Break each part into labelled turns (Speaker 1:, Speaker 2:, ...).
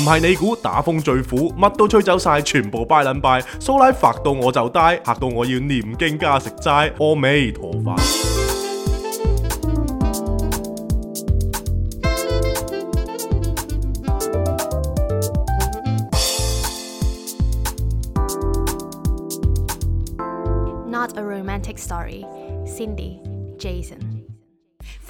Speaker 1: 唔係你估打風最苦，乜都吹走晒，全部拜撚拜，蘇拉發到我就呆，嚇到我要念經加食齋，阿彌陀佛。
Speaker 2: Not a romantic story. Cindy, Jason.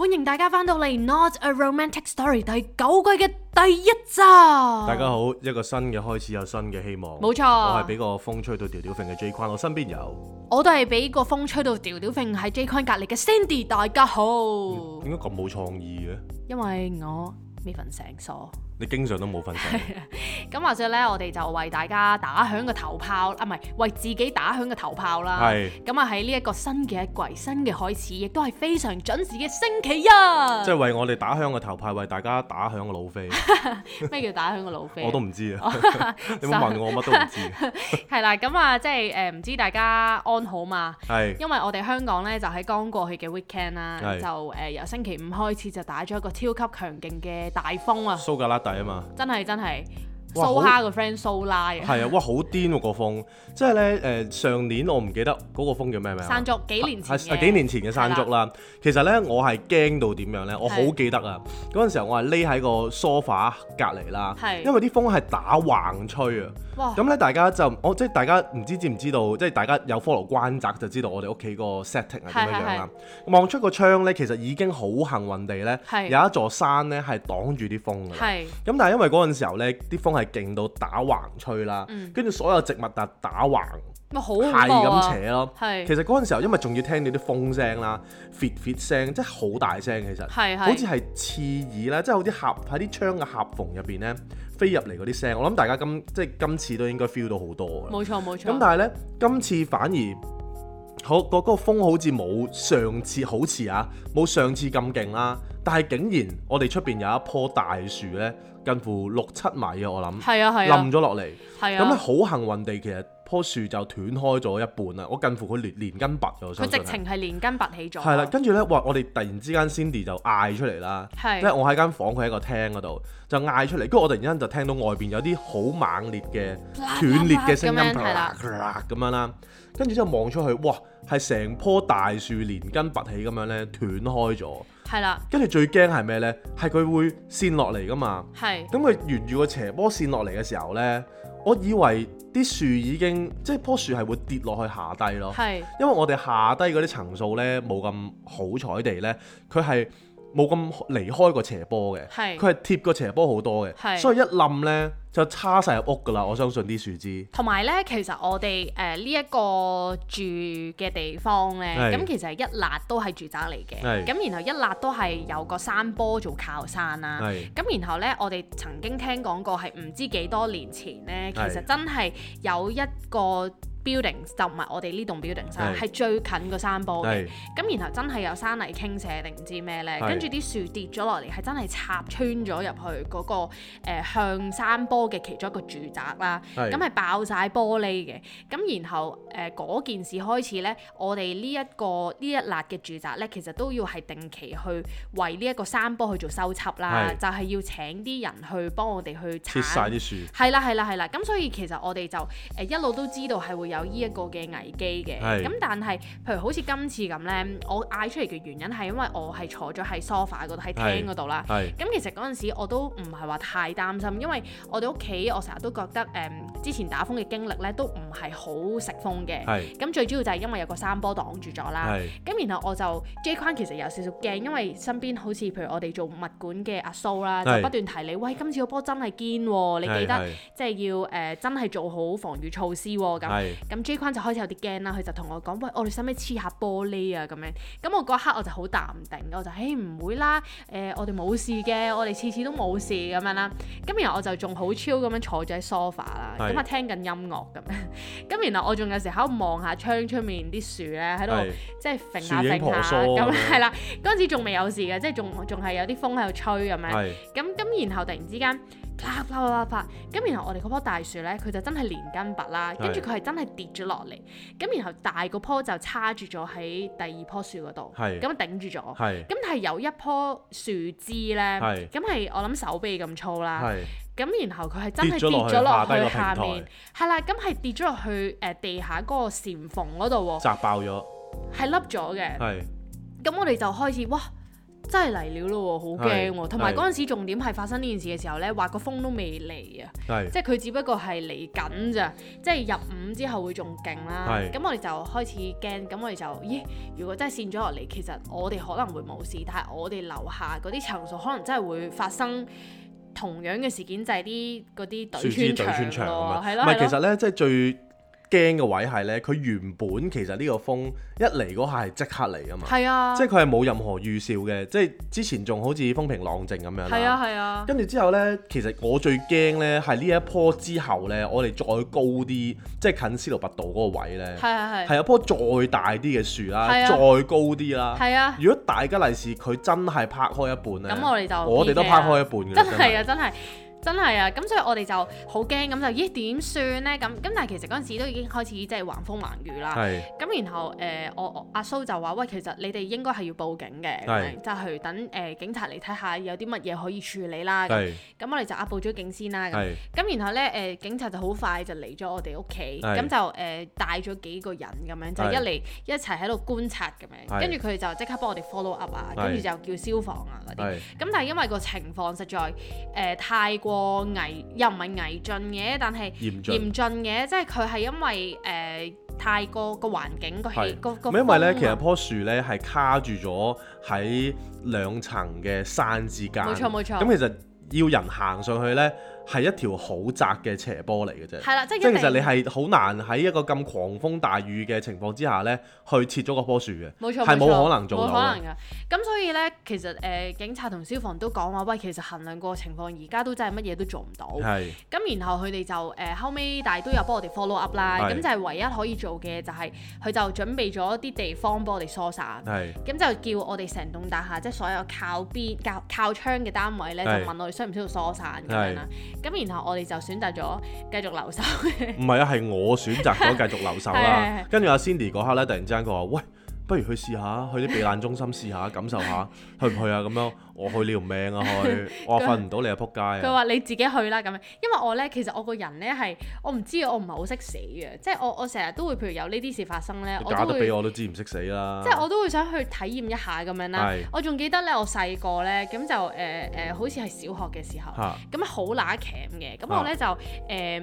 Speaker 2: 歡迎大家翻到嚟《Not a Romantic Story》第九季嘅第一集。大家
Speaker 1: 好，一個新嘅開始，有新嘅希望。冇錯，我係俾個風吹到吊吊揈嘅 J 昆，我身邊有，
Speaker 2: 我都係俾個風吹到吊吊揈喺 J 昆隔籬嘅 Cindy。大家好，
Speaker 1: 點解咁冇創意嘅？
Speaker 2: 因為我未瞓醒所。
Speaker 1: 你經常都冇瞓醒。
Speaker 2: 咁或者咧，我哋就為大家打響個頭炮，啊，唔係為自己打響個頭炮啦。係的。咁啊喺呢一個新嘅一季、新嘅開始，亦都係非常準時嘅星期一。即係
Speaker 1: 為我哋打響個頭炮，為大家打響個老飛。
Speaker 2: 咩 叫打響個老飛、啊？我都唔知啊。 你咪問我，乜 都唔知。係啦， 咁啊、就是，即係誒，唔知大家安好嘛？係的。因為我哋香港咧，就喺剛過去嘅 weekend 啦的，的就誒、呃、由星期五開始就打咗一個超級強勁嘅大風啊！
Speaker 1: 蘇格蘭係啊嘛，真係真係哇蘇蝦個
Speaker 2: friend 蘇拉啊，係很 啊，哇
Speaker 1: 好癲喎個風，即係咧，誒上年我唔記得嗰個風叫咩名，山
Speaker 2: 竹幾年前嘅，啊、幾年前嘅山竹啦。是
Speaker 1: 的 其實咧我係驚到點樣咧？我好記得啊，嗰陣是的 時候我係匿喺個梳化隔籬啦，是的 因為啲風係打橫吹啊。咁咧，大家就我即係大家唔知知唔知道，即係大家有 follow 關閘就知道我哋屋企個 setting 係點樣樣啦。望出個窗咧，其實已經好幸運地咧，有一座山咧係擋住啲風嘅。係。咁但係因為嗰陣時候咧，啲風係勁到打橫吹啦，跟住所有植物啊打橫，
Speaker 2: 咪好係咁扯
Speaker 1: 咯。係。其實嗰陣時候，因為仲要聽到啲風聲啦，摺摺聲，即係好大聲，其實好似係刺耳啦，即係好啲合喺啲窗嘅合縫入邊咧。飛入嚟嗰啲聲，我諗大家今即係今次都應該 feel 到好多嘅。冇
Speaker 2: 錯冇錯。咁但係
Speaker 1: 呢，今次反而好個嗰、嗰個風好似冇上次好似啊，冇上次咁勁啦。但係竟然我哋出邊有一棵大樹呢，近乎六七米嘅、啊，我諗。冧咗落嚟。
Speaker 2: 咁咧、啊啊、好
Speaker 1: 幸運地其實。棵樹就斷開咗一半啦，我近乎佢連連根拔咗佢直情
Speaker 2: 係連根拔起咗。係啦，
Speaker 1: 跟住咧，哇！我哋突然之間 c i n d y 就嗌出嚟啦。係。因為我喺間房，佢喺個廳嗰度，就嗌出嚟。跟住我突然間就聽到外邊有啲好猛烈嘅斷裂嘅聲音，咁樣係啦，咁樣啦。跟住之後望出去，哇！係成棵大樹連根拔起咁樣咧斷開咗。
Speaker 2: 係啦。
Speaker 1: 跟住最驚係咩咧？係佢會散落嚟噶嘛。係。咁佢沿住個斜波散落嚟嘅時候咧。我以為啲樹已經即係、就是、棵樹係會跌落去下低咯，是因為我哋下低嗰啲層數呢，冇咁好彩地呢，佢係。冇咁離開個斜坡嘅，佢係是貼個斜坡好多嘅，是所以一冧咧就叉晒入屋㗎喇。我相信啲樹枝。
Speaker 2: 同埋咧，其實我哋誒呢一個住嘅地方咧，咁是其實一笪都係住宅嚟嘅，咁是然後一笪都係有個山坡做靠山啦、啊。咁是然後咧，我哋曾經聽講過係唔知幾多年前咧，其實真係有一個。Buildings, 就 building 就唔係我哋呢棟 building 啦，係最近個山坡咁是 然後真係有山泥傾瀉定唔知咩咧，跟住啲樹跌咗落嚟，係真係插穿咗入去嗰、那個誒、呃、向山坡嘅其中一個住宅啦。咁係是 爆晒玻璃嘅。咁然後誒嗰、呃、件事開始咧，我哋呢一個呢一笪嘅住宅咧，其實都要係定期去為呢一個山坡去做修葺啦，是 就係要請啲人去幫我哋去拆晒啲樹，係啦係啦係啦。咁所以其實我哋就誒、呃、一路都知道係會。有呢一個嘅危機嘅，咁是但係，譬如好似今次咁呢，我嗌出嚟嘅原因係因為我係坐咗喺 sofa 嗰度，喺廳嗰度啦。咁其實嗰陣時我都唔係話太擔心，因為我哋屋企我成日都覺得誒、嗯、之前打風嘅經歷呢都唔係好食風嘅。咁是最主要就係因為有個山坡擋住咗啦。咁是然後我就 CJ 其實有少少驚，因為身邊好似譬如我哋做物管嘅阿蘇啦，就不斷提你，喂，今次個波真係堅喎，你記得即係要誒、呃、真係做好防禦措施喎咁。咁 J 君就開始有啲驚啦，佢就同我講：喂，我哋使唔使黐下玻璃啊？咁樣咁我嗰一刻我就好淡定，我就誒唔會啦，誒我哋冇事嘅，我哋次次都冇事咁樣啦。咁是然後我就仲好 chill 咁樣坐住喺 sofa 啦，咁啊聽緊音樂咁樣。咁然後我仲有時喺度望下窗出面啲樹咧，喺度即係揈下揈下咁，係啦。嗰陣時仲未有事嘅，即係仲仲係有啲風喺度吹咁樣。咁咁是然後突然之間。啦啦啦啦！咁然後我哋嗰棵大樹咧，佢就真係連根拔啦，跟住佢係真係跌咗落嚟。咁然後大嗰棵就叉住咗喺第二棵樹嗰度，咁頂是住咗。咁係是有一棵樹枝咧，咁係是我諗手臂咁粗啦。咁是然後佢係真係跌咗落去。下面，個平台係啦，咁係跌咗落去誒、呃、地下嗰個磚縫嗰度喎。砸爆咗。係凹咗嘅。係。咁我哋就開始哇！是 真係嚟料咯喎，好驚喎！同埋嗰陣時重點係發生呢件事嘅時候呢，話個風都未嚟啊，是即係佢只不過係嚟緊咋，即係入五之後會仲勁啦。咁是我哋就開始驚，咁我哋就咦、欸？如果真係線咗落嚟，其實我哋可能會冇事，但係我哋樓下嗰啲層數可能真係會發生同樣嘅事件，就係啲嗰啲隊穿牆咯，係咯。其實呢，
Speaker 1: 即係最。驚嘅位係呢，佢原本其實呢個風一嚟嗰下係即刻嚟㗎嘛，係是啊即係係，即係佢係冇任何預兆嘅，即係之前仲好似風平浪靜咁樣，係啊係啊，跟住之後呢，其實我最驚呢係呢一棵之後呢，我哋再高啲，即係近司徒拔道嗰個位呢，係係係，係棵再大啲嘅樹是、啊、啦，再高啲啦，如果大吉利是佢真係拍開一半咧，咁我哋都劈開一半嘅，真係啊
Speaker 2: 真係。真真係啊，咁所以我哋就好驚，咁就咦點算咧？咁咁但係其實陣時都已經開始即係橫風橫雨啦。係咁，然後誒我阿蘇就話喂，其實你哋應該係要報警嘅，就係等誒警察嚟睇下有啲乜嘢可以處理啦。咁，我哋就啊報咗警先啦。係咁，然後咧誒警察就好快就嚟咗我哋屋企，咁就誒帶咗幾個人咁樣就一嚟一齊喺度觀察咁樣跟住佢哋就即刻幫我哋 follow up 啊，跟住就叫消防啊啲。咁，但係因為個情況實在誒太過。個危又唔係危盡嘅，但係嚴峻嘅，峻即係佢係因為誒太過個環境是個氣個個風因為呢，咩咪咧？其實樖
Speaker 1: 樹咧係卡住咗喺兩層嘅山之間，冇錯，冇錯。咁其實要人行上去咧。係一條好窄嘅斜坡嚟嘅啫，即係其實你係好難喺一個咁狂風大雨嘅情況之下咧，去切咗嗰棵樹嘅，冇錯，係冇可能做到。冇可能
Speaker 2: 㗎。咁所以咧，其實誒、呃、警察同消防都講話，喂，其實衡量個情況，而家都真係乜嘢都做唔到。係的。咁然後佢哋就誒、呃、後尾但係都有幫我哋 follow up 啦。咁的就係唯一可以做嘅就係、是、佢就準備咗一啲地方幫我哋疏散。係的。咁就叫我哋成棟大廈，即係所有靠邊、靠靠窗嘅單位咧，的就問我哋需唔需要疏散咁樣啦。的咁然後我哋就選擇咗繼續留守嘅，
Speaker 1: 唔係啊，係我選擇咗繼續留守啦。跟住阿 Cindy 嗰刻咧，突然之間佢話：喂。不如去試下，去啲避難中心試下，感受下，去唔去啊？咁樣，我去你條命啊！去，嗯、我話瞓唔到你啊！仆街，佢話
Speaker 2: 你自己去啦咁樣，因為我咧其實我個人咧係我唔知我唔係好識死嘅。即、就、係、是、我我成日都會譬如有呢啲事發生咧，我假得俾我
Speaker 1: 都知唔識死啦。即係我
Speaker 2: 都會想去體驗一下咁樣啦。是我仲記得咧，我細個咧咁就誒誒，好似係小學嘅時候，咁、呃、好乸慘嘅。咁是我咧就誒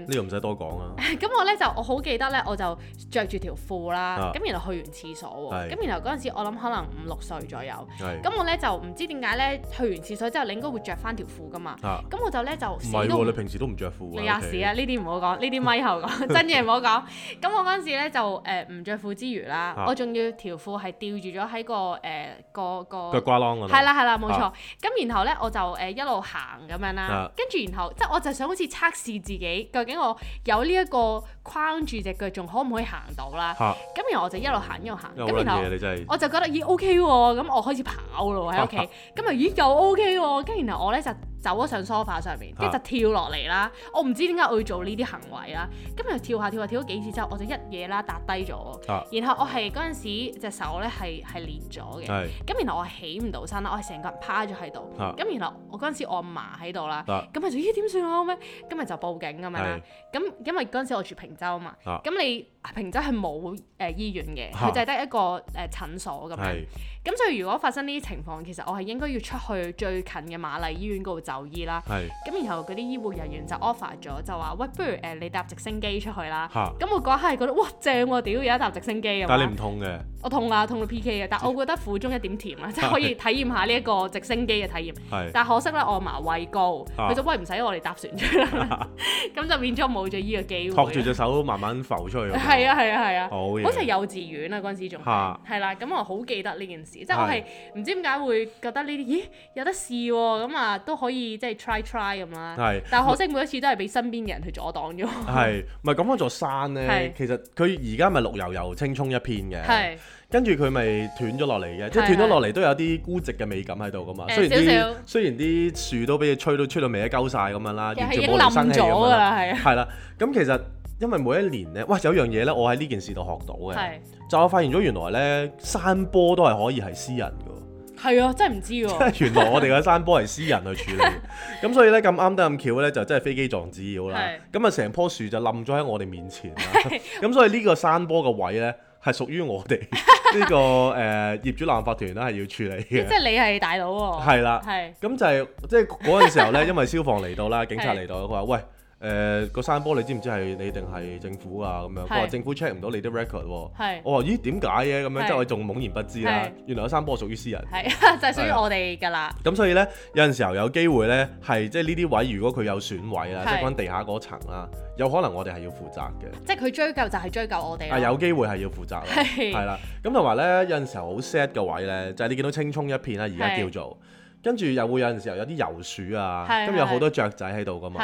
Speaker 2: 呢個
Speaker 1: 唔使多講啊。
Speaker 2: 咁我咧就、呃、我好記得咧，我就着住條褲啦，咁是然後去完廁所是然後嗰陣時，我諗可能五六歲左右。係。咁我咧就唔知點解咧，去完廁所之後，你應該會着翻條褲噶嘛。啊。咁我就咧就唔係喎，你
Speaker 1: 平時都唔着褲。你吔屎啊！
Speaker 2: 呢啲唔好講，呢啲咪後講，真嘢唔好講。咁我嗰陣時咧就誒唔着褲之餘啦，我仲要條褲係吊住咗喺個誒個個。個腳瓜窿嗰。係啦係啦，冇錯。咁然後咧我就誒一路行咁樣啦，跟住然後即係我就想好似測試自己，究竟我有呢一個框住隻腳，仲可唔可以行到啦？嚇。咁然後我就一路行一路行，咁然後。嗯、我就覺得咦 O K 喎，咁、okay 啊、我開始跑咯喺屋企，咁 啊咦又 O K 喎，跟住然後我咧就。走咗上 sofa 上面，跟住就跳落嚟啦。我唔知點解會做呢啲行為啦。咁然後跳下跳下跳咗幾次之後，我就一嘢啦，跌低咗。然後我係嗰陣時隻手咧係係裂咗嘅。咁是然後我起唔到身啦，我係成個人趴咗喺度。咁是然後我嗰陣時我阿嫲喺度啦。咁佢是就咦點算啊咩？今日就報警咁樣啦。咁是因為嗰陣時我住坪洲嘛。咁是你坪洲係冇誒醫院嘅，佢就係得一個誒診所咁樣。咁是所以如果發生呢啲情況，其實我係應該要出去最近嘅瑪麗醫院嗰度走。留意啦，咁然後嗰啲醫護人員就 offer 咗，就話喂，不如誒你搭直升機出去啦。咁我嗰刻係覺得哇正喎，屌有得搭直升機咁。但係你唔
Speaker 1: 痛嘅，
Speaker 2: 我痛啊，痛到 PK 嘅。但係我覺得苦中一點甜啊，就可以體驗下呢一個直升機嘅體驗。但可惜咧，我阿媽畏高，佢就喂，唔使我哋搭船出嚟，咁就變咗冇咗依個機會。託住隻
Speaker 1: 手慢慢浮出去，係啊係啊
Speaker 2: 係啊，好似幼稚園啊，嗰陣時仲係啦。咁我好記得呢件事，即係我係唔知點解會覺得呢啲，咦有得試喎，咁啊都可以。即係 try try 咁啦，但可惜每一次都係俾身邊嘅人去阻擋咗。係，
Speaker 1: 唔係咁嗰座山咧，其實佢而家咪綠油油、青蔥一片嘅，跟住佢咪斷咗落嚟嘅，即係斷咗落嚟都有啲孤寂嘅美感喺度噶嘛。雖然啲雖然啲樹都俾你吹到吹到未一鳩晒咁樣啦，完全冇咗生氣咁啦。係啦，咁其實因為每一年咧，哇有樣嘢咧，我喺呢件事度學到嘅，就我發現咗原來咧，山坡都係可以係私人。
Speaker 2: 係啊，真係唔知喎、啊！即係 原來我哋嘅
Speaker 1: 山坡係私人去處理，咁 所以呢，咁啱得咁巧呢，就真係飛機撞紙鷂啦！咁啊是，成、嗯、棵樹就冧咗喺我哋面前啦！咁是、嗯、所以呢個山坡嘅位呢、這個，係屬於我哋呢個誒業主立法團咧係要處理嘅。即係
Speaker 2: 你係大佬
Speaker 1: 喎！係啦，係咁是就係即係嗰陣時候呢，因為消防嚟到啦，警察嚟到，佢話是喂。誒個山坡你知唔知係你定係政府啊？咁樣佢話政府 check 唔到你啲 record 喎。我話咦點解嘅咁樣？即係我仲懵然不知啦。原來個山坡屬於私人。
Speaker 2: 係就係屬於我哋㗎啦。
Speaker 1: 咁所以咧，有陣時候有機會咧，係即係呢啲位如果佢有損位啊，即係關地下嗰層啦，有可能我哋係要負責嘅。
Speaker 2: 即係佢追究就係追究我哋。啊，有
Speaker 1: 機會係要負責。係。係啦。咁同埋咧，有陣時候好 sad 嘅位咧，就係你見到青葱一片啦，而家叫做，跟住又會有陣時候有啲遊鼠啊，咁有好多雀仔喺度㗎嘛。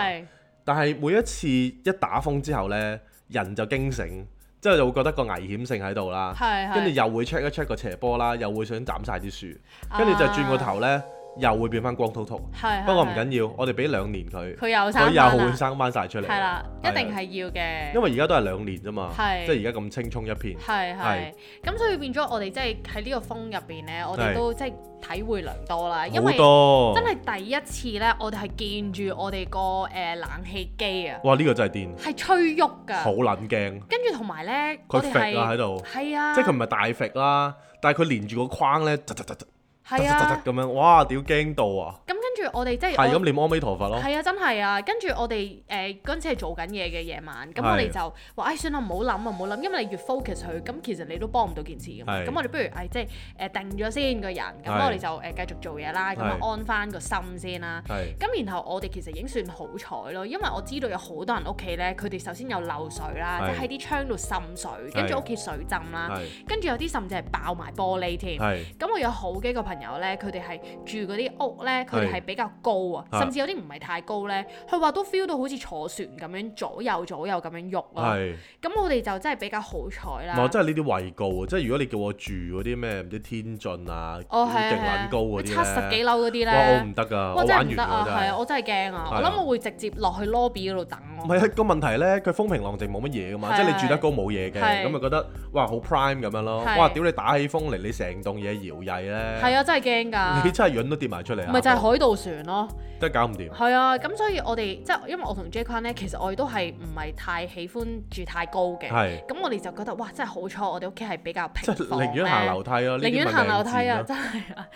Speaker 1: 但係每一次一打風之後呢，人就驚醒，之後就會覺得個危險性喺度啦，跟住是是 又會 check 一 check 個斜坡啦，又會想斬晒啲樹，跟住就轉個頭呢。啊又會變翻光禿禿，不過唔緊要，我哋俾兩年佢，佢又佢又會生翻晒出嚟，係啦，一定係
Speaker 2: 要嘅。因
Speaker 1: 為而家都係兩年啫嘛，即係而家咁青蔥一片，係係
Speaker 2: 咁，所以變咗我哋即係喺呢個風入邊咧，我哋都即係體會良多啦。因為真係第一次咧，我哋係見住我哋個誒冷氣機啊！
Speaker 1: 哇，呢個真係癲，
Speaker 2: 係吹喐㗎，
Speaker 1: 好撚驚。
Speaker 2: 跟住同埋咧，佢揈啊喺度，係啊，即係
Speaker 1: 佢唔係大揈啦，但係佢連住個框咧，突突突。係啊，咁樣，哇，屌驚到啊！
Speaker 2: 跟住我哋即係，係咁念
Speaker 1: 阿彌陀佛咯。係
Speaker 2: 啊，真係啊！跟住我哋誒嗰陣時係做緊嘢嘅夜晚，咁我哋就話：唉，算啦，唔好諗啊，唔好諗。因為你越 focus 佢，咁其實你都幫唔到件事嘅。咁我哋不如誒，即係誒定咗先個人，咁我哋就誒繼續做嘢啦，咁安翻個心先啦。咁然後我哋其實已經算好彩咯，因為我知道有好多人屋企咧，佢哋首先有漏水啦，即係喺啲窗度滲水，跟住屋企水浸啦，跟住有啲甚至係爆埋玻璃添。咁我有好幾個朋友咧，佢哋係住嗰啲屋咧，佢哋係。比較高啊，甚至有啲唔係太高咧，佢話都 feel 到好似坐船咁樣左右左右咁樣喐啊。係。咁我哋就真係比較好彩啦。唔係，真
Speaker 1: 係呢啲畏高啊！即係如果你叫我住嗰啲咩唔知天津啊，勁卵高嗰啲七十幾樓嗰啲咧，哇！我唔得㗎，我玩完啊，係啊，我
Speaker 2: 真係驚啊！我諗我會直接落去 lobby 嗰度
Speaker 1: 等。唔係啊，個問題咧，佢風平浪靜冇乜嘢㗎嘛，即係你住得高冇嘢嘅，咁咪覺得哇好 prime 咁樣咯，哇！屌你打起風嚟，你成棟嘢搖曳咧。係啊，
Speaker 2: 真係驚㗎。你
Speaker 1: 真係卵都跌埋出嚟啊！咪就係海盜船咯，都係搞唔掂。
Speaker 2: 係啊，咁所以我哋即係，因為我同 Jay c k 坤 Jackon 咧，其實我哋都係唔係太喜歡住太高嘅。係是。咁我哋就覺得哇，真係好彩，我哋屋企係比較平，寧願行樓梯咯，寧願行樓梯啊，真係啊。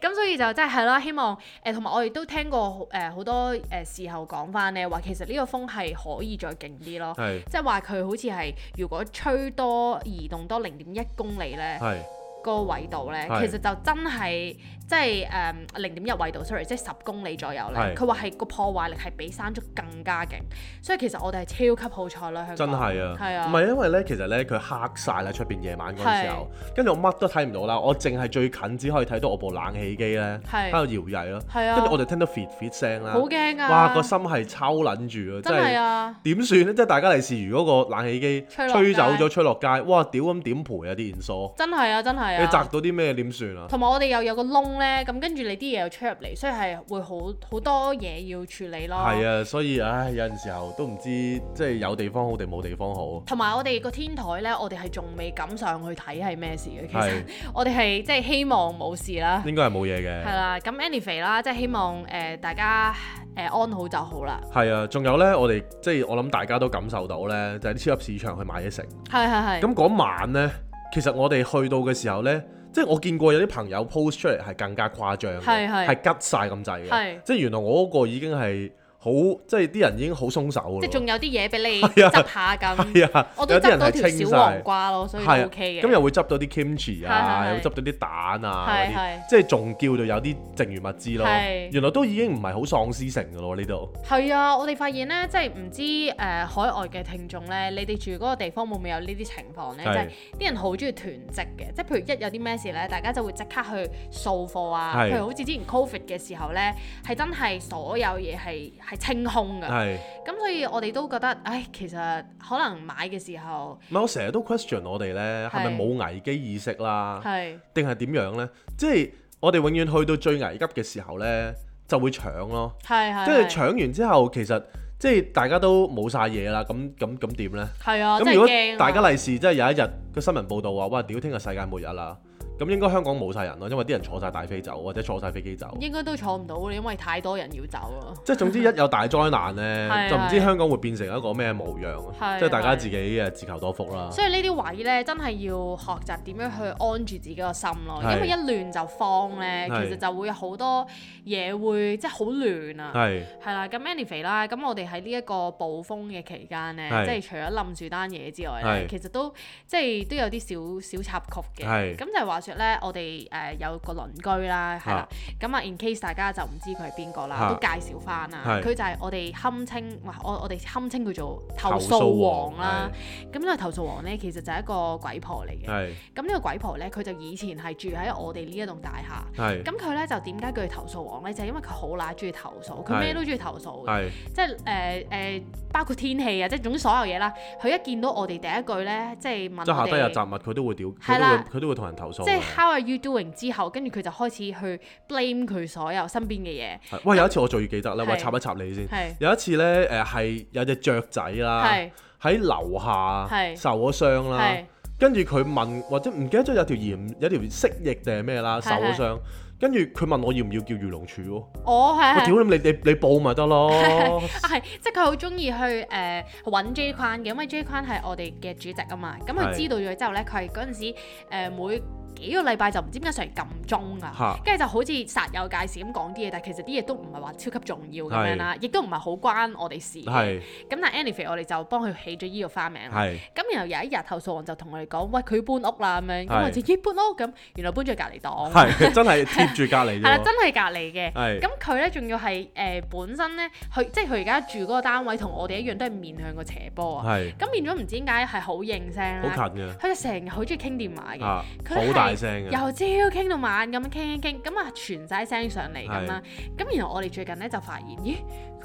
Speaker 2: 咁所以就真係啦，希望誒，同、呃、埋我哋都聽過誒好、呃、多誒時候講翻咧，話其實呢個風係可以再勁啲咯，即係話佢好似係如果吹多移動多零點一公里咧。是個緯度咧，其實就真係即係誒零點一緯度，sorry，即係十公里左右咧。佢話係個破壞力係比山竹更加勁，所以其實我哋係超級好彩啦，香港。真
Speaker 1: 係啊，唔係因為咧，其實咧佢黑晒啦，出邊夜晚嗰時候，跟住我乜都睇唔到啦，我淨係最近只可以睇到我部冷氣機咧喺度搖曳咯，跟住我哋聽到 fit fit 聲啦，好驚啊！哇，個心係抽撚住咯！真係啊！點算咧？即係大家嚟試如果個冷氣機吹走咗，吹落街，哇，屌咁點賠啊啲電索？
Speaker 2: 真係啊，真係。你擲
Speaker 1: 到啲咩點算啊？同
Speaker 2: 埋我哋又有個窿咧，咁跟住你啲嘢又出入嚟，所以係會好好多嘢要處理咯。係啊，
Speaker 1: 所以唉，有陣時候都唔知即係有地方好定冇地方好。
Speaker 2: 同埋我哋個天台咧，我哋係仲未敢上去睇係咩事嘅。其實是，我哋係即係希望冇事啦。
Speaker 1: 應該係冇嘢嘅。係啦、
Speaker 2: 啊，咁 anyway 啦，即係希望誒、呃、大家誒、呃、安好就好啦。
Speaker 1: 係啊，仲有咧，我哋即係我諗大家都感受到咧，就係、是、啲超級市場去買嘢食。
Speaker 2: 係係係。咁
Speaker 1: 嗰的晚咧。其實我哋去到嘅時候呢，即、就、係、是、我見過有啲朋友 post 出嚟係更加誇張嘅，係刉晒咁滯嘅，係係即係原來我嗰個已經係。好即係啲人已經好鬆手，即係仲
Speaker 2: 有啲嘢俾你執下咁，啊啊、
Speaker 1: 我都執到條小黃瓜
Speaker 2: 咯，啊、所以 OK 嘅。咁又會執
Speaker 1: 到啲 kimchi 啊，係係係又執到啲蛋啊，係係係即係仲叫做有啲剩餘物資咯。係係原來都已經唔係好喪屍城噶咯呢度。
Speaker 2: 係啊，我哋發現咧，即係唔知誒、呃、海外嘅聽眾咧，你哋住嗰個地方會唔會有呢啲情況咧是？即係啲人好中意囤積嘅，即係譬如一有啲咩事咧，大家就會即刻去掃貨啊。的譬如好似之前 Covid 嘅時候咧，係真係所有嘢係係。清空嘅，咁係所以我哋都覺得，唉，其實可能買嘅時候，
Speaker 1: 唔係我成日都 question 我哋咧，係咪冇危機意識啦，定係點樣咧？即係我哋永遠去到最危急嘅時候咧，就會搶咯，即係搶完之後，其實即係大家都冇晒嘢啦，咁咁咁點咧？
Speaker 2: 係啊，咁如果大家
Speaker 1: 利是，即係有一日個新聞報道話，哇，屌，聽日世界末日啦！嗯咁應該香港冇晒人咯，因為啲人坐晒大飛走，或者坐晒飛機走，
Speaker 2: 應該都坐唔到，因為太多人要走咯、啊。即
Speaker 1: 係總之一有大災難咧， 的就唔知香港會變成一個咩模樣，的即係大家自己誒自求多福啦。所
Speaker 2: 以呢啲位咧，真係要學習點樣去安住自己個心咯，因為一亂就慌咧，其實就會有好多嘢會的即係好亂啊。係係啦，咁 anyway 啦，咁我哋喺呢一個暴風嘅期間咧，即係的除咗冧住單嘢之外咧的，其實都即係都有啲小小插曲嘅。係咁的就話。咧我哋誒有個鄰居啦，係啦，咁啊 in case 大家就唔知佢係邊個啦，都介紹翻啦。佢的就係我哋堪稱，我我哋堪稱佢做投訴王啦。咁呢個投訴王咧，王其實就係一個鬼婆嚟嘅。咁呢的個鬼婆咧，佢就以前係住喺我哋呢一棟大廈。咁佢咧就點解叫佢投訴王咧？就係因為佢好撚中意投訴，佢咩都中意投訴嘅，即係誒誒，包括天氣啊，即係總之所有嘢啦。佢一見到我哋第一句咧，即係問我哋，即係下低有雜
Speaker 1: 物，佢都會屌，佢會佢都會同人投訴。的 How
Speaker 2: are you doing？之後跟住佢就開始去 blame 佢所有身邊嘅嘢。
Speaker 1: 喂，有一次我最記得咧，我、嗯、插一插你先。是有一次咧，誒係有隻雀仔啦，喺是樓下受咗傷啦，跟住佢問或者唔記得咗有條鹽有條蜥蜴定係咩啦，受咗傷，跟住佢問我要唔要叫漁農處喎？我係屌你是你你,你報咪得咯？
Speaker 2: 係、啊、即係佢好中意去誒揾、呃、J 框嘅，ran, 因為 J 框係我哋嘅主席啊嘛。咁佢知道咗之後咧，佢係嗰陣時每。幾個禮拜就唔知點解上嚟撳鐘啊，跟住就好似煞有介事咁講啲嘢，但係其實啲嘢都唔係話超級重要咁樣啦，亦都唔係好關我哋事。咁但係 Annie 我哋就幫佢起咗依個花名。咁然後有一日，投訴王就同我哋講：喂，佢搬屋啦咁樣。咁我就咦搬屋咁？原來搬咗隔離檔。係
Speaker 1: 真係貼住隔離。係啦，真係
Speaker 2: 隔離嘅。咁佢咧仲要係誒本身咧，佢即係佢而家住嗰個單位同我哋一樣都係面向個斜坡啊。咁變咗唔知點解係好應聲啦。好近㗎。佢成日好中意傾電話嘅。好 由朝傾到晚咁樣傾傾傾，咁啊傳曬聲上嚟咁啦。咁是的 然後我哋最近咧就發現，咦？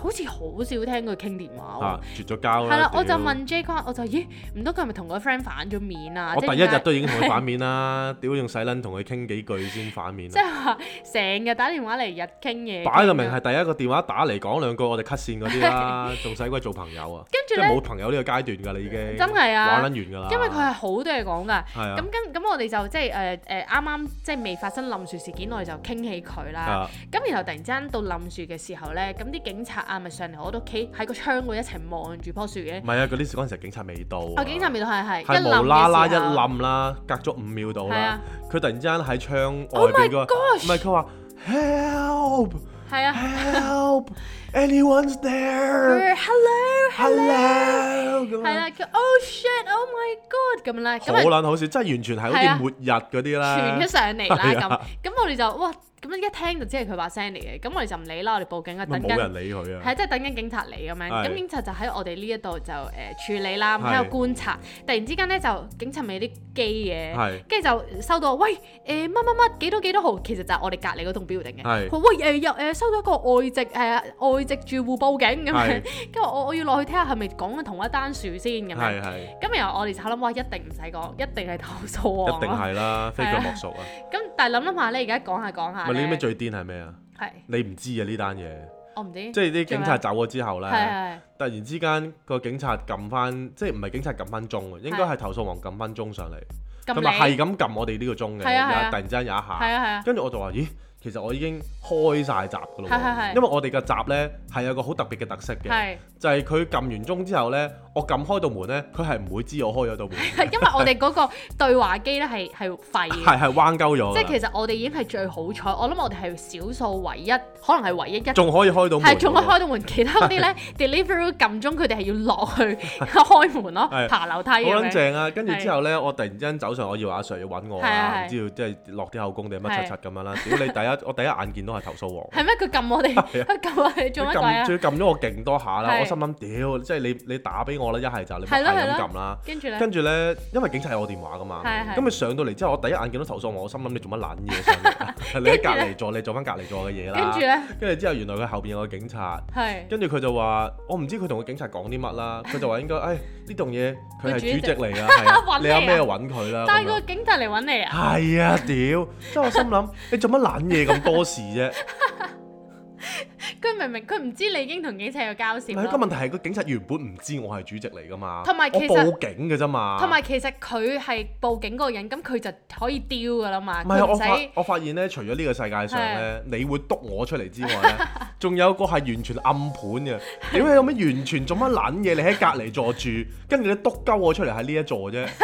Speaker 2: 好似好少聽佢傾電話，
Speaker 1: 絕咗交啦。係啦，我就問
Speaker 2: J 哥，我就咦唔通佢係咪同個 friend 反咗面啊？我第一日都已經同佢反
Speaker 1: 面啦，屌用細撚同佢傾幾句先反面。即係
Speaker 2: 話成日打電話嚟日傾嘢。擺就明係
Speaker 1: 第一個電話打嚟講兩句，我哋 cut 線嗰啲啦，仲使鬼做朋友啊？跟住咧冇朋友呢個階段㗎啦，已經真係啊，玩撚完㗎啦。因為佢係
Speaker 2: 好多嘢講㗎，
Speaker 1: 咁
Speaker 2: 跟咁我哋就即係誒誒啱啱即係未發生冧樹事件我哋就傾起佢啦。咁然後突然之間到冧樹嘅時候咧，咁啲警察。啊咪上嚟，我屋企喺個窗嗰度一齊望住棵樹嘅。唔
Speaker 1: 係啊，嗰啲時嗰陣時警察未到。啊，警
Speaker 2: 察未到係係。係無啦啦一冧
Speaker 1: 啦，隔咗五秒度啦。佢突然之間喺窗外面，唔係佢話
Speaker 2: help。係啊。Help! Anyone's there? Hello, hello! 咁啊。係啦，佢 oh shit, oh my god 咁啦。好撚好笑，
Speaker 1: 即係完全係好似末日嗰啲啦。傳咗上嚟啦
Speaker 2: 咁，咁我哋就哇。咁一聽就知係佢把聲嚟嘅，咁我哋就唔理啦，我哋報警啊，等緊。冇
Speaker 1: 人理佢啊！係啊，即係
Speaker 2: 等緊警察嚟咁樣，咁警察就喺我哋呢一度就誒處理啦，喺度觀察。突然之間咧，就警察咪有啲機嘅，跟住就收到喂誒乜乜乜幾多幾多號，其實就係我哋隔離嗰棟 building 嘅。係。好喂誒又誒收到一個外籍誒外籍住戶報警咁樣，跟住我我要落去睇下係咪講緊同一單樹先咁樣。係係。咁然後我哋就諗哇，一定唔使講，一定係投訴喎。一定係啦，非佢莫屬啊！咁但係諗諗下咧，而家講下講下。你知咩最癲係咩啊？
Speaker 1: 你唔是知啊，呢單嘢，
Speaker 2: 我唔知。即係啲警察走咗之後呢，
Speaker 1: 突然之間個警察撳翻，即係唔係警察撳翻鐘啊？應該係投訴王撳翻鐘上嚟，佢咪係咁撳我哋呢個鐘嘅的。突然之間有一下，的跟住我就話咦。其實我已經開晒閘嘅咯，因為我哋嘅閘咧係有個好特別嘅特色嘅，就係佢撳完鐘之後咧，我撳開道門咧，佢係唔會知我開咗道門，因
Speaker 2: 為我哋嗰個對話機咧係係廢，係係
Speaker 1: 彎鳩咗。即係其實
Speaker 2: 我哋已經係最好彩，我諗我哋係少數唯一，可能係唯一一仲可以開到門，仲可以開到門。其他啲咧 delivery 撳鐘，佢哋係要落去開門咯，爬樓梯。好撚正啊！跟住之後咧，
Speaker 1: 我突然之間走上，我以為阿 Sir 要搵我啊，唔知要即係落啲口供定乜七七咁樣啦。屌你第一。我第一眼見到係投訴王，係
Speaker 2: 咩？佢撳我哋，佢撳我哋，做乜鬼啊？最
Speaker 1: 撳咗我勁多下啦！我心諗：屌，即係你你打俾我啦，一係就你唔係咁撳啦。跟住咧，跟住咧，因為警察有我電話㗎嘛。係係。咁你上到嚟之後，我第一眼見到投訴王，我心諗：你做乜撚嘢上嚟？你喺隔離座，你做翻隔離座嘅嘢啦。跟住咧，跟住之後，原來佢後邊有個警察。係。跟住佢就話：我唔知佢同個警察講啲乜啦。佢就話：應該，誒呢棟嘢佢係主席嚟㗎，你有咩揾佢啦？但係個
Speaker 2: 警察嚟揾你啊？係
Speaker 1: 啊！屌，即係我心諗：你做乜撚嘢？你咁多事啫！
Speaker 2: 佢 明明佢唔知你已經同警察有交涉咯。唔係、這個問題係，
Speaker 1: 個警察原本唔知我係主席嚟噶嘛？同埋我報警嘅啫嘛。同埋
Speaker 2: 其實佢係報警嗰個人，咁佢就可以丟噶啦嘛。唔係是我發
Speaker 1: 我發現咧，除咗呢個世界上咧，是的 你會督我出嚟之外咧，仲 有個係完全暗盤嘅。點解咁樣完全做乜撚嘢？ 你喺隔籬坐住，跟住咧督鳩我出嚟喺呢一座啫。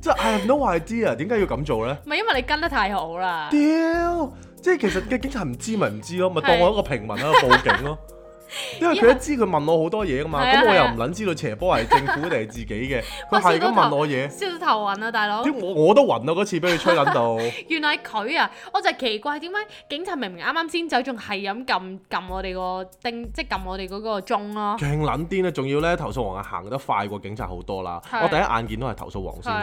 Speaker 1: 即係 I have no idea 點解 要咁做咧？
Speaker 2: 唔係因為你跟得太好啦。
Speaker 1: 屌，即係其實嘅警察唔知咪唔知咯，咪 當我一個平民喺度 報警咯。 因為佢一知佢問我好多嘢噶嘛，咁、啊、我又唔捻知道斜坡係政府定係自己嘅，佢係咁問我嘢，笑
Speaker 2: 到頭暈啊大佬！點我我都
Speaker 1: 暈啊嗰次俾佢吹捻到，
Speaker 2: 原來佢啊，我就奇怪點解警察明明啱啱先走，仲係咁撳撳我哋個釘，即係撳我哋個鐘咯，勁
Speaker 1: 捻癲啊！仲要咧投訴王行得快過警察好多啦，啊、我第一眼見都係投訴王先咯。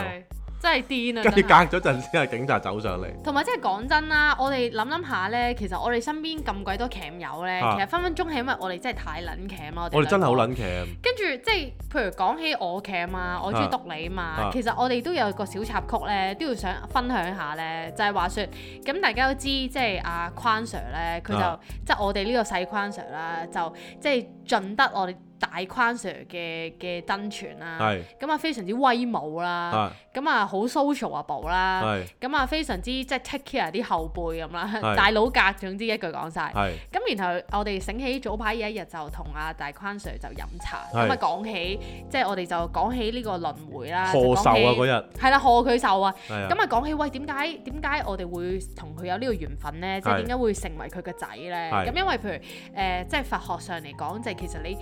Speaker 2: 真係癲啊！跟住隔
Speaker 1: 咗陣先，係警察走上嚟。
Speaker 2: 同埋即係講真啦，我哋諗諗下咧，其實我哋身邊咁鬼多鉗友咧，啊、其實分分鐘係因為我哋真係太撚鉗啦。我哋真係好撚鉗。跟住即係，譬如講起我鉗啊，我中意督你嘛。啊啊、其實我哋都有個小插曲咧，都要想分享下咧，就係、是、話說，咁大家都知即係阿框 Sir 咧，佢就即、是、係、啊啊、我哋呢個細框 Sir 啦，就即係盡得我哋。大框 sir 嘅嘅真傳啦，咁啊非常之威武啦，咁啊好 social 啊，寶啦，咁啊非常之即係 take care 啲後輩咁啦，大佬格總之一句講晒。咁然後我哋醒起早排有一日就同阿大框 sir 就飲茶，咁啊講起即係我哋就講起呢個輪迴啦，賀壽啊嗰日，係啦，賀佢壽啊，咁啊講起喂，點解點解我哋會同佢有呢個緣分咧？即係點解會成為佢個仔咧？咁因為譬如誒即係佛學上嚟講，就其實你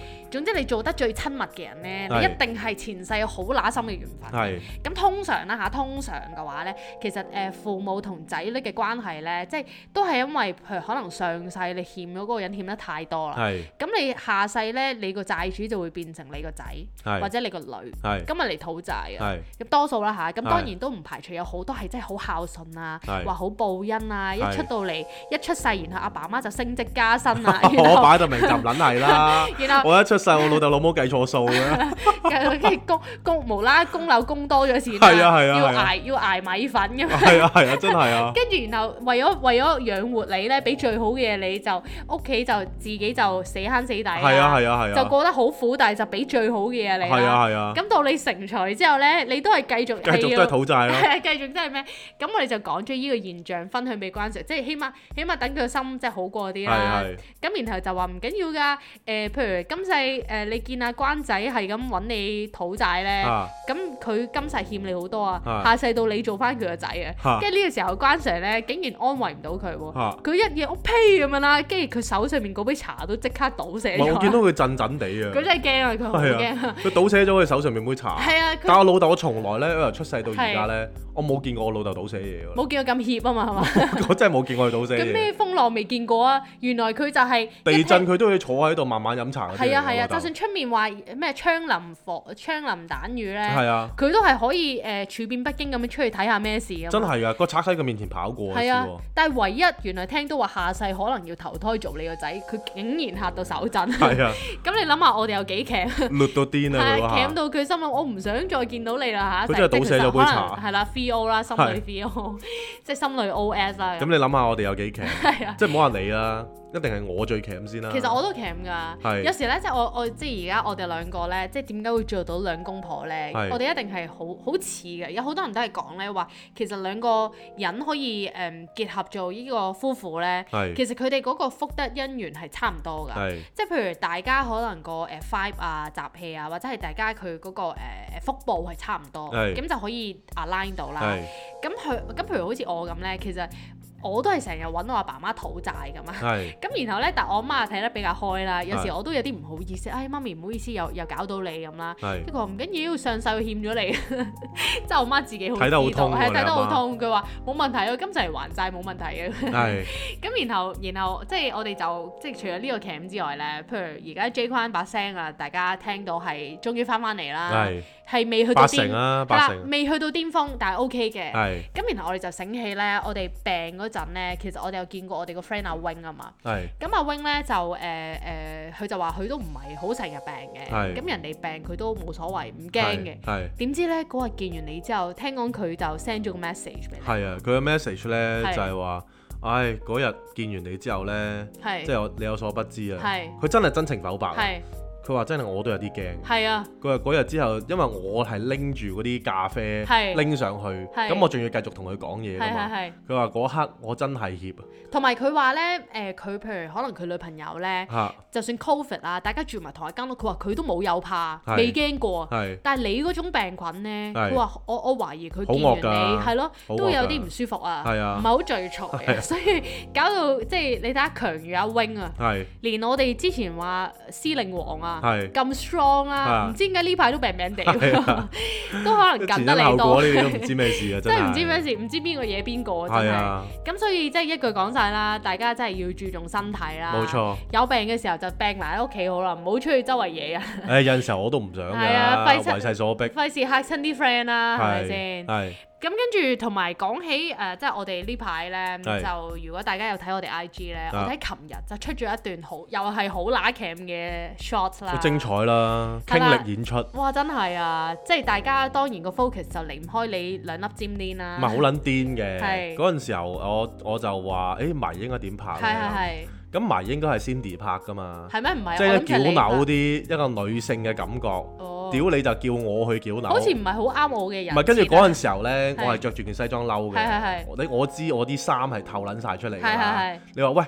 Speaker 2: 即係你做得最親密嘅人咧，是你一定係前世好乸心嘅緣分。咁通常啦嚇，通常嘅話咧，其實誒父母同仔女嘅關係咧，即係都係因為譬如可能上世你欠咗嗰個人欠得太多啦。咁是你下世咧，你個債主就會變成你個仔，是或者你個女，今日嚟討債是啊。咁多數啦嚇，咁當然都唔排除有好多係真係好孝順啊，話是好報恩啊，是一出到嚟一出世，然後阿爸媽就升職加薪啊。我擺到明就
Speaker 1: 撚係啦。我一出世。我老豆老母計錯數
Speaker 2: 嘅，跟住供供無啦，供樓供多咗錢，要捱要捱米粉咁樣，係啊係
Speaker 1: 啊，真係啊！跟
Speaker 2: 住然後為咗為咗養活你咧，俾最好嘅嘢你就屋企就自己就死慳死抵啦，係啊係啊係啊，就過得好苦，但係就俾最好嘅嘢你啦，係啊係啊。咁到你成才之後咧，你都係繼續繼續都係討債咯，繼續都係咩？咁我哋就講咗依個現象，分享俾關 Sir，即係起碼起碼等佢個心即係好過啲啦。咁然後就話唔緊要㗎，誒譬如今世。誒，你見阿關仔係咁揾你討債咧？咁佢今世欠你好多啊，下世到你做翻佢個仔啊！跟住呢個時候，關 Sir 咧竟然安慰唔到佢喎，佢一夜，我呸咁樣啦，跟住佢手上面嗰杯茶都即刻倒瀉咗。我見到
Speaker 1: 佢震震地啊！佢
Speaker 2: 真係驚啊！佢好驚啊！
Speaker 1: 佢倒瀉咗佢手上面杯茶。係啊！但我老豆，我從來咧由出世到而家咧。我冇見過我老豆倒瀉嘢喎，
Speaker 2: 冇見過咁怯 e 啊嘛，係嘛？
Speaker 1: 我真係冇見過佢倒瀉。咁咩
Speaker 2: 風浪未見過啊？原來佢就係
Speaker 1: 地震佢都可以坐喺度慢慢飲茶。係啊係啊，就算
Speaker 2: 出面話咩槍林火、槍林彈雨咧，係啊，佢都係可以誒處變不驚咁樣出去睇下咩事。真係
Speaker 1: 啊！個賊喺佢面前跑過。係啊，
Speaker 2: 但係唯一原來聽到話下世可能要投胎做你個仔，佢竟然嚇到手震。係啊，咁你諗下我哋有幾強？弱
Speaker 1: 到癲啦！係啊，強到
Speaker 2: 佢心諗我唔想再見到你啦嚇。佢真係倒瀉咗杯茶。係啦。PO, V.O. 啦的， 心裏裡 V.O. 即係心裏 O.S. 啦。咁
Speaker 1: 你諗下，我哋有幾強？即係唔好話你啦。一定係我最慘先啦，啊。其實我
Speaker 2: 都慘㗎，是有時咧即係我我即係而家我哋兩個咧，即係點解會做到兩公婆咧？是我哋一定係好好似嘅，有好多人都係講咧話，其實兩個人可以誒、嗯、結合做呢個夫婦咧。是其實佢哋嗰個福德因緣係差唔多㗎，是即係譬如大家可能個誒 vibe 啊、集氣啊，或者係大家佢嗰個福報係差唔多，咁是就可以 align 到啦。咁佢咁譬如好似我咁咧，其實。我都係成日揾我阿爸媽討債咁啊，咁是的 然後咧，但係我媽睇得比較開啦，有時我都有啲唔好意思，是的 哎，媽咪唔好意思，又又搞到你咁啦，跟住我話唔緊要，上世欠咗你，即 係我媽自己好知道，睇得好痛，佢話冇問題，我今世嚟還債冇問題嘅。咁是的 然後然後，然後即係我哋就即係除咗呢個 camp 之外咧，譬如而家 Jay 坤把聲啊，大家聽到係終於翻翻嚟啦。是的 的係未去到邊？嗱，未去到巔峰，但係 OK 嘅。係。咁然後我哋就醒起咧，我哋病嗰陣咧，其實我哋有見過我哋個 friend 阿 wing 啊嘛。係。咁阿 wing 咧就誒誒，佢就話佢都唔係好成日病嘅。咁人哋病佢都冇所謂，唔驚嘅。係。點知咧，嗰日見完你之後，聽講佢就 send 咗個 message
Speaker 1: 俾你。係啊，佢個 message 咧就係話：唉，嗰日見完你之後咧，即係我你有所不知啊。係。佢真係真情剖白。係。佢話真係我都有啲驚。係啊。佢話嗰日之後，因為我係拎住嗰啲咖啡拎上去，咁我仲要繼續同佢講嘢。佢話嗰刻我真係怯，
Speaker 2: 同埋佢話呢，誒佢譬如可能佢女朋友呢，就算 Covid 啊，大家住埋同一間屋，佢話佢都冇有怕，未驚過。但係你嗰種病菌呢，佢話我我懷疑佢見完你係咯，都有啲唔舒服啊，唔係好聚財，所以搞到即係你睇阿強如阿 Wing 啊，連我哋之前話司令王啊。係咁 strong 啦，唔知點解呢排都病病地，都可能近得你多。結果呢啲都唔知咩事
Speaker 1: 啊，真係。真係唔知咩
Speaker 2: 事，唔知邊個惹邊個真係。咁所以即係一句講晒啦，大家真係要注重身體啦。冇錯。有病嘅時候就病埋喺屋企好啦，唔好出去周圍嘢啊。誒，
Speaker 1: 有陣時候我都唔想㗎。係啊，費事，為世所逼，
Speaker 2: 費事嚇親啲 friend 啦，係咪先？係。咁跟住同埋講起誒、呃，即係我哋呢排咧，是就如果大家有睇我哋 IG 咧，的我睇琴日就出咗一段好又係好乸 c 嘅 shot 啦，好精
Speaker 1: 彩啦，傾力演出。
Speaker 2: 哇，真係啊！即係大家當然個 focus 就離唔開你兩粒尖鍊啦。唔係好撚
Speaker 1: 癲嘅，嗰陣的時候我我就話：誒、欸、迷應該點拍？係係係。咁咪應該係 Cindy 拍噶嘛？係
Speaker 2: 咩？唔係即係嬌扭啲
Speaker 1: 一個女性嘅感覺。哦，屌你就叫我去嬌扭。好似
Speaker 2: 唔係好啱我嘅人。唔係，跟住嗰陣
Speaker 1: 時候咧，我係着住件西裝褸嘅。你，我知我啲衫係透撚晒出嚟嘅。你話喂，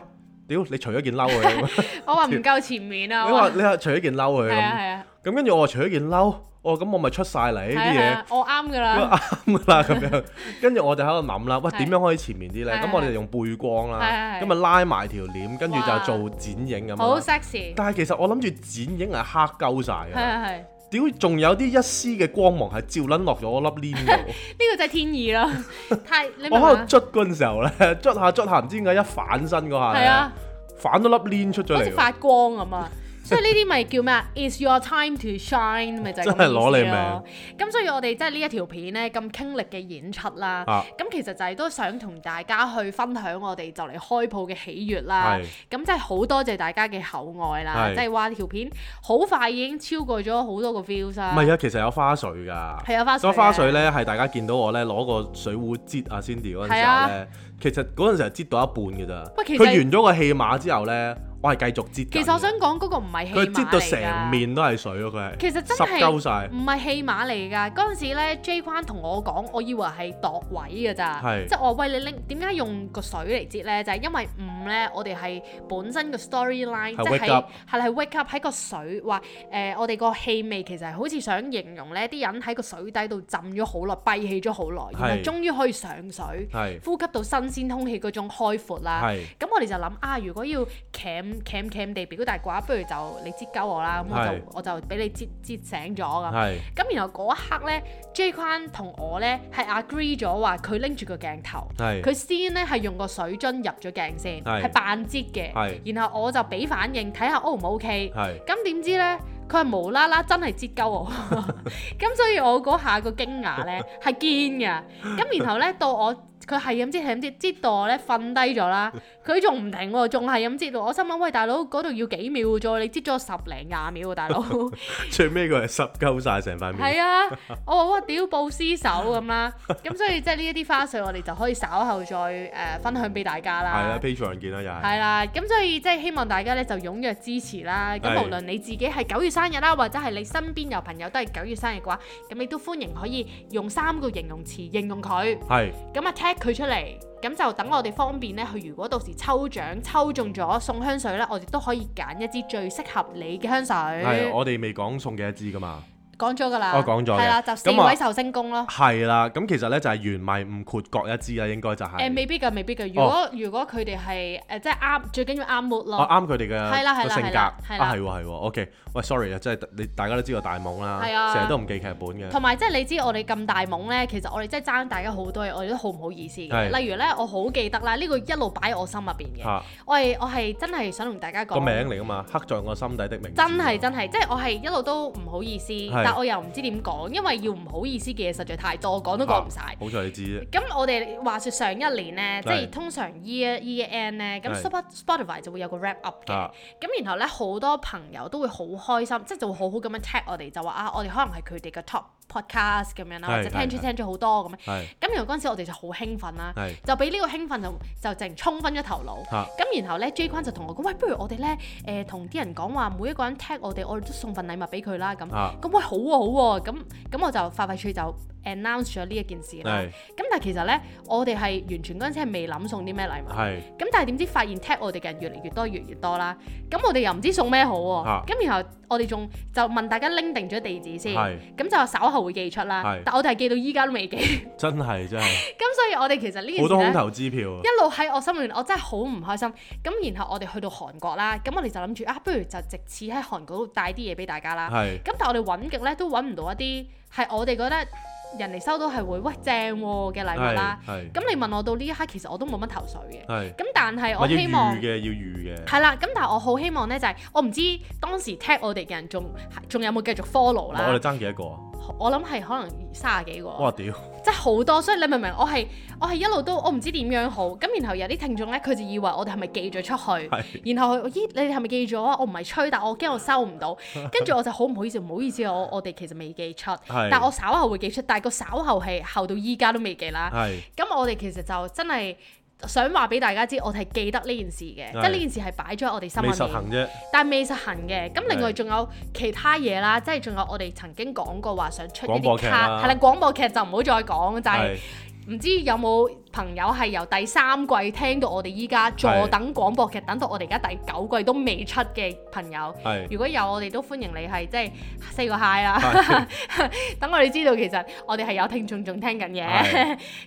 Speaker 1: 屌你除咗件褸佢？
Speaker 2: 我話唔夠前面啊！你話你
Speaker 1: 係除咗件褸佢咁。係啊，咁跟住我除咗件褸。哦，咁我咪出曬嚟呢啲嘢，
Speaker 2: 我啱噶啦，
Speaker 1: 啱噶啦咁樣，跟住我就喺度諗啦，喂，點樣可以前面啲咧？咁我哋就用背光啦，咁咪拉埋條簾，跟住就做剪影咁樣。好
Speaker 2: sexy！但
Speaker 1: 係其實我諗住剪影係黑鳩曬嘅，係係
Speaker 2: 係。
Speaker 1: 屌，仲有啲一絲嘅光芒係照撚落咗粒簾度。
Speaker 2: 呢個就係天意咯，太你明嘛？我喺度捽
Speaker 1: 嗰陣時候咧，捽下捽下，唔知點解一反身嗰下，係啊，反咗粒簾出咗嚟，好
Speaker 2: 似發光咁啊！即 係呢啲咪叫咩啊？Is your time to shine 咪就係咁意思咯。咁所以我哋即係呢一條片咧，咁傾力嘅演出啦。咁、啊、其實就係都想同大家去分享我哋就嚟開鋪嘅喜悅啦。咁是即係好多謝大家嘅厚愛啦。是即係話條片好快已經超過咗好多個 views 啊。唔係
Speaker 1: 啊，其實有花絮㗎。係有花絮。咁花絮咧，係大家見到我咧攞個水壺接阿 Cindy 嗰陣時咧。其實嗰陣時係濺到一半嘅咋，喂，其佢實 完咗個戲碼之後咧，我係繼續濺。其實我
Speaker 2: 想講嗰個唔係戲碼佢濺到成
Speaker 1: 面都係水咯，佢係，其實真係
Speaker 2: 唔係戲碼嚟㗎。嗰陣時咧 j o 同我講，我以為係度位㗎咋，即係我喂你拎，點解用個水嚟濺咧？就係、是、因為五咧，我哋係本身嘅 storyline 即係係 wake up 喺個水，話誒、呃、我哋個氣味其實係好似想形容咧啲人喺個水底度浸咗好耐，閉氣咗好耐，是然後終於可以上水，是是呼吸到新新鮮空氣嗰種開闊啦，咁我哋就諗啊，如果要 cam cam cam 地表，但係嘅話，不如就你接鳩我啦，咁我就我就俾你接折醒咗咁。咁然後嗰一刻咧 Jay Kwan 同我咧係 agree 咗話，佢拎住個鏡頭，佢先咧係用個水樽入咗鏡先，係扮折嘅。然後我就俾反應睇下 O 唔 O K。咁點知咧，佢係無啦啦真係折鳩我，咁所以我嗰下個驚訝咧係堅㗎。咁然後咧到我。佢係咁接係咁接，接到我咧瞓低咗啦。佢仲唔停喎，仲係咁接喎。我心諗：喂，大佬嗰度要幾秒啫？你接咗十零廿秒，大佬。
Speaker 1: 最尾佢係濕鳩曬成塊面。係啊，
Speaker 2: 我話哇屌暴屍手咁啦，咁所以即係呢一啲花絮，我哋就可以稍後再誒分享俾大家啦。係
Speaker 1: 啊，非常見啦又係。
Speaker 2: 係啦，咁所以即係希望大家咧就踴躍支持啦。咁無論你自己係九月生日啦，或者係你身邊有朋友都係九月生日嘅話，咁你都歡迎可以用三個形容詞形容佢。係。咁啊聽。佢出嚟咁就等我哋方便咧。佢如果到時抽獎抽中咗送香水咧，我哋都可以揀一支最適合你嘅香水。係，我
Speaker 1: 哋未講送幾多支㗎嘛。
Speaker 2: 講咗㗎啦，係啦，就四位壽星公咯。
Speaker 1: 係啦，咁其實咧就係完唔係唔闊各一支啦，應該就係。誒，
Speaker 2: 未必㗎，未必㗎。如果如果佢哋係誒，即係啱，最緊要啱 mood 咯。哦，啱
Speaker 1: 佢哋嘅性格。係啦，係啦，係啦。啊，係喎，係喎，OK。喂，sorry 啊，即係你大家都知我大懵啦，成日都唔記劇本嘅。同埋
Speaker 2: 即係你知我哋咁大懵咧，其實我哋真係爭大家好多嘢，我哋都好唔好意思嘅。係。例如咧，我好記得啦，呢個一路擺喺我心入邊嘅。嚇。我係我係真係想同大家講。個名
Speaker 1: 嚟㗎嘛，刻在我心底的名。
Speaker 2: 真係真係，即係我係一路都唔好意思。係。但我又唔知點講，因為要唔好意思嘅嘢實在太多，講都講唔晒。啊、
Speaker 1: 好在你知啫。
Speaker 2: 咁我哋話說上一年呢，的即係通常 year year end 呢，咁 Spotify 就會有個 wrap up 嘅。咁的然後呢，好多朋友都會好開心，即係就會好好咁樣 tag 我哋，就話啊，我哋可能係佢哋嘅 top。Podcast 咁樣啦，或者聽住聽住好多咁是樣，咁然後嗰陣時我哋就好興奮啦，是就俾呢個興奮就就成衝昏咗頭腦，咁是然後咧 J 冠就同我講，喂，不如我哋咧誒同啲人講話，每一個人聽我哋，我哋都送份禮物俾佢啦，咁，咁是喂好喎、啊、好喎、啊，咁咁、啊、我就快快脆就。Announce 咗呢一件事啦，咁是但係其實咧，我哋係完全嗰陣時係未諗送啲咩禮物，咁是但係點知發現 tag 我哋嘅人越嚟越多越越多啦，咁我哋又唔知送咩好喎、啊，咁、啊、然後我哋仲就問大家拎定咗地址先，咁是就稍後會寄出啦，是但我哋係寄到依家都未寄，
Speaker 1: 真係真係。
Speaker 2: 咁 所以我哋其實件事呢件好多空頭
Speaker 1: 支票、啊一，一路
Speaker 2: 喺我心入面，我真係好唔開心。咁然後我哋去到韓國啦，咁我哋就諗住啊，不如就藉此喺韓國帶啲嘢俾大家啦，咁是但係我哋揾極咧都揾唔到一啲係我哋覺得。人哋收到係會喂正嘅、哦、禮物啦，咁、嗯、你問我到呢一刻，其實我都冇乜頭緒嘅。咁係、嗯、但係我希望
Speaker 1: 嘅要預嘅係
Speaker 2: 啦，咁但係我好希望咧，就係我唔知當時 tag 我哋嘅人仲仲有冇繼續 follow 啦。我哋爭幾多個啊？我諗係可能三十幾個，哇屌，即係好多，所以你明唔明？我係我係一路都我唔知點樣好，咁然後有啲聽眾咧，佢就以為我哋係咪寄咗出去？是然後咦，你哋係咪寄咗啊？我唔係吹，但我驚我收唔到，跟住 我就好唔好意思，唔好意思，我我哋其實未寄出，是但係我稍後會寄出，但係個稍後係後到依家都未寄啦。係是，咁我哋其實就真係。想話俾大家知，我哋係記得呢件事嘅，是即係呢件事係擺咗喺我哋心入面，但係未實行嘅，咁另外仲有其他嘢啦，是即係仲有我哋曾經講過話想出一啲卡，啊，係啦，廣播劇就唔好再講，就係、是、唔知有冇。朋友係由第三季聽到我哋依家坐等廣播劇，等到我哋而家第九季都未出嘅朋友，是 如果有我哋都歡迎你係即係 say 個 hi 啦，等是的 我哋知道其實我哋係有聽眾仲聽緊嘢。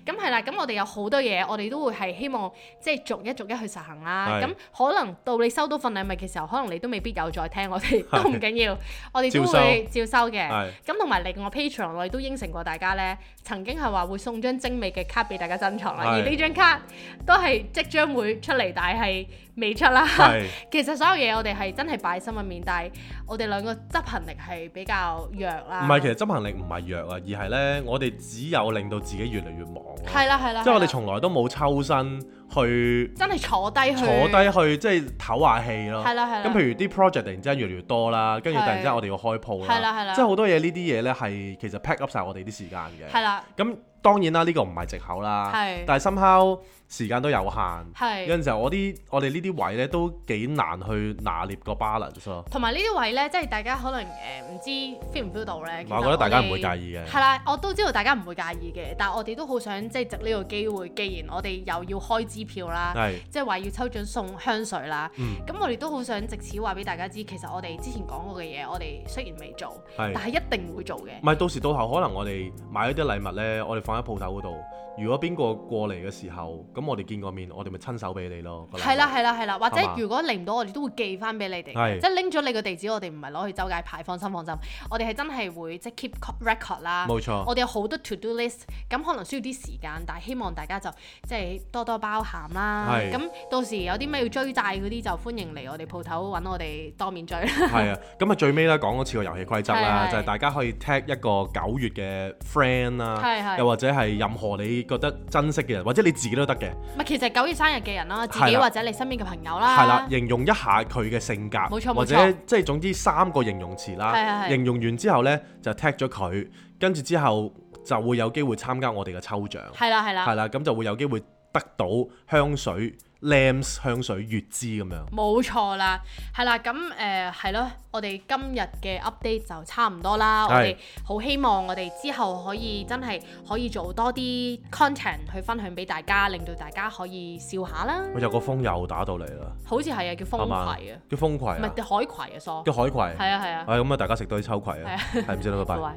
Speaker 2: 咁係啦，咁我哋有好多嘢，我哋都會係希望即係逐一逐一去實行啦。咁是的、嗯、可能到你收到份禮物嘅時候，可能你都未必有再聽，我哋都唔緊要，是的 我哋都會照收嘅。咁同埋另外 patron 我哋都應承過大家呢，曾經係話會送張精美嘅卡俾大家珍藏。而呢張卡都係即將會出嚟，但係未出啦。是其實所有嘢我哋係真係擺心入面，但係我哋兩個執行力係比較弱啦。唔係，其實
Speaker 1: 執行力唔係弱啊，而係呢，我哋只有令到自己越嚟越忙。
Speaker 2: 係啦，係啦。即係我
Speaker 1: 哋從來都冇抽身去，
Speaker 2: 真係坐低去，坐低
Speaker 1: 去，即係唞下氣咯。係啦，係啦。咁譬如啲 project 突然之間越嚟越多啦，跟住突然之間我哋要開鋪，係啦，係啦。即係好多嘢呢啲嘢呢，係其實 pack up 晒我哋啲時間嘅。係啦。咁當然啦，呢、這個唔係藉口啦，是但係 somehow。時間都有限，是有陣時候我啲我哋呢啲位咧都幾難去拿捏個 balance 咯。
Speaker 2: 同埋呢啲位咧，即係大家可能誒唔、呃、知 feel 唔 feel 到咧。其實 我覺得大家唔們會介意嘅。係啦，我都知道大家唔會介意嘅，但係我哋都好想即係值呢個機會。既然我哋又要開支票啦，是即係話要抽獎送香水啦，咁、嗯、我哋都好想藉此話俾大家知，其實我哋之前講過嘅嘢，我哋雖然未做，是但係一定會做嘅。
Speaker 1: 唔係到時到候可能我哋買咗啲禮物咧，我哋放喺鋪頭嗰度。如果邊個過嚟嘅時候，咁我哋見個面，我哋咪親手俾你咯。係啦
Speaker 2: 係啦係啦，或者如果嚟唔到，我哋都會寄翻俾你哋。係，即係拎咗你個地址，我哋唔係攞去周街派，放心放心。我哋係真係會即係 keep record 啦。冇錯。我哋有好多 to do list，咁可能需要啲時間，但係希望大家就即係多多包涵啦。係。咁到時有啲咩要追債嗰啲，就歡迎嚟我哋鋪頭揾我哋當面追。係啊，
Speaker 1: 咁啊最尾咧講多次個遊戲規則啦，就係大家可以 tag 一個九月嘅 friend 啦，又或者係任何你。你覺得珍惜嘅人，或者你自己都得嘅。
Speaker 2: 唔係，其實九月生日嘅人啦，自己或者你身邊嘅朋友啦。係啦，
Speaker 1: 形容一下佢嘅性格，冇錯，或者冇錯，即係總之三個形容詞啦。形容完之後呢，就 tag 咗佢，跟住之後就會有機會參加我哋嘅抽獎。係啦係啦。係啦，咁就會有機會得到香水。Lamb 香水月姿咁樣，
Speaker 2: 冇錯啦，係啦，咁誒係咯，我哋今日嘅 update 就差唔多啦，是我哋好希望我哋之後可以真係可以做多啲 content 去分享俾大家，令到大家可以笑下啦。
Speaker 1: 喂，有個風又打到嚟啦，
Speaker 2: 好似係啊，叫風葵啊，叫風葵，啊，唔係海葵啊，所叫
Speaker 1: 海葵，係啊係啊，咁啊，啊，啊、嗯、大家食多啲秋葵啊，係唔知啦，拜拜。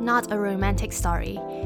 Speaker 1: Not a
Speaker 2: romantic story.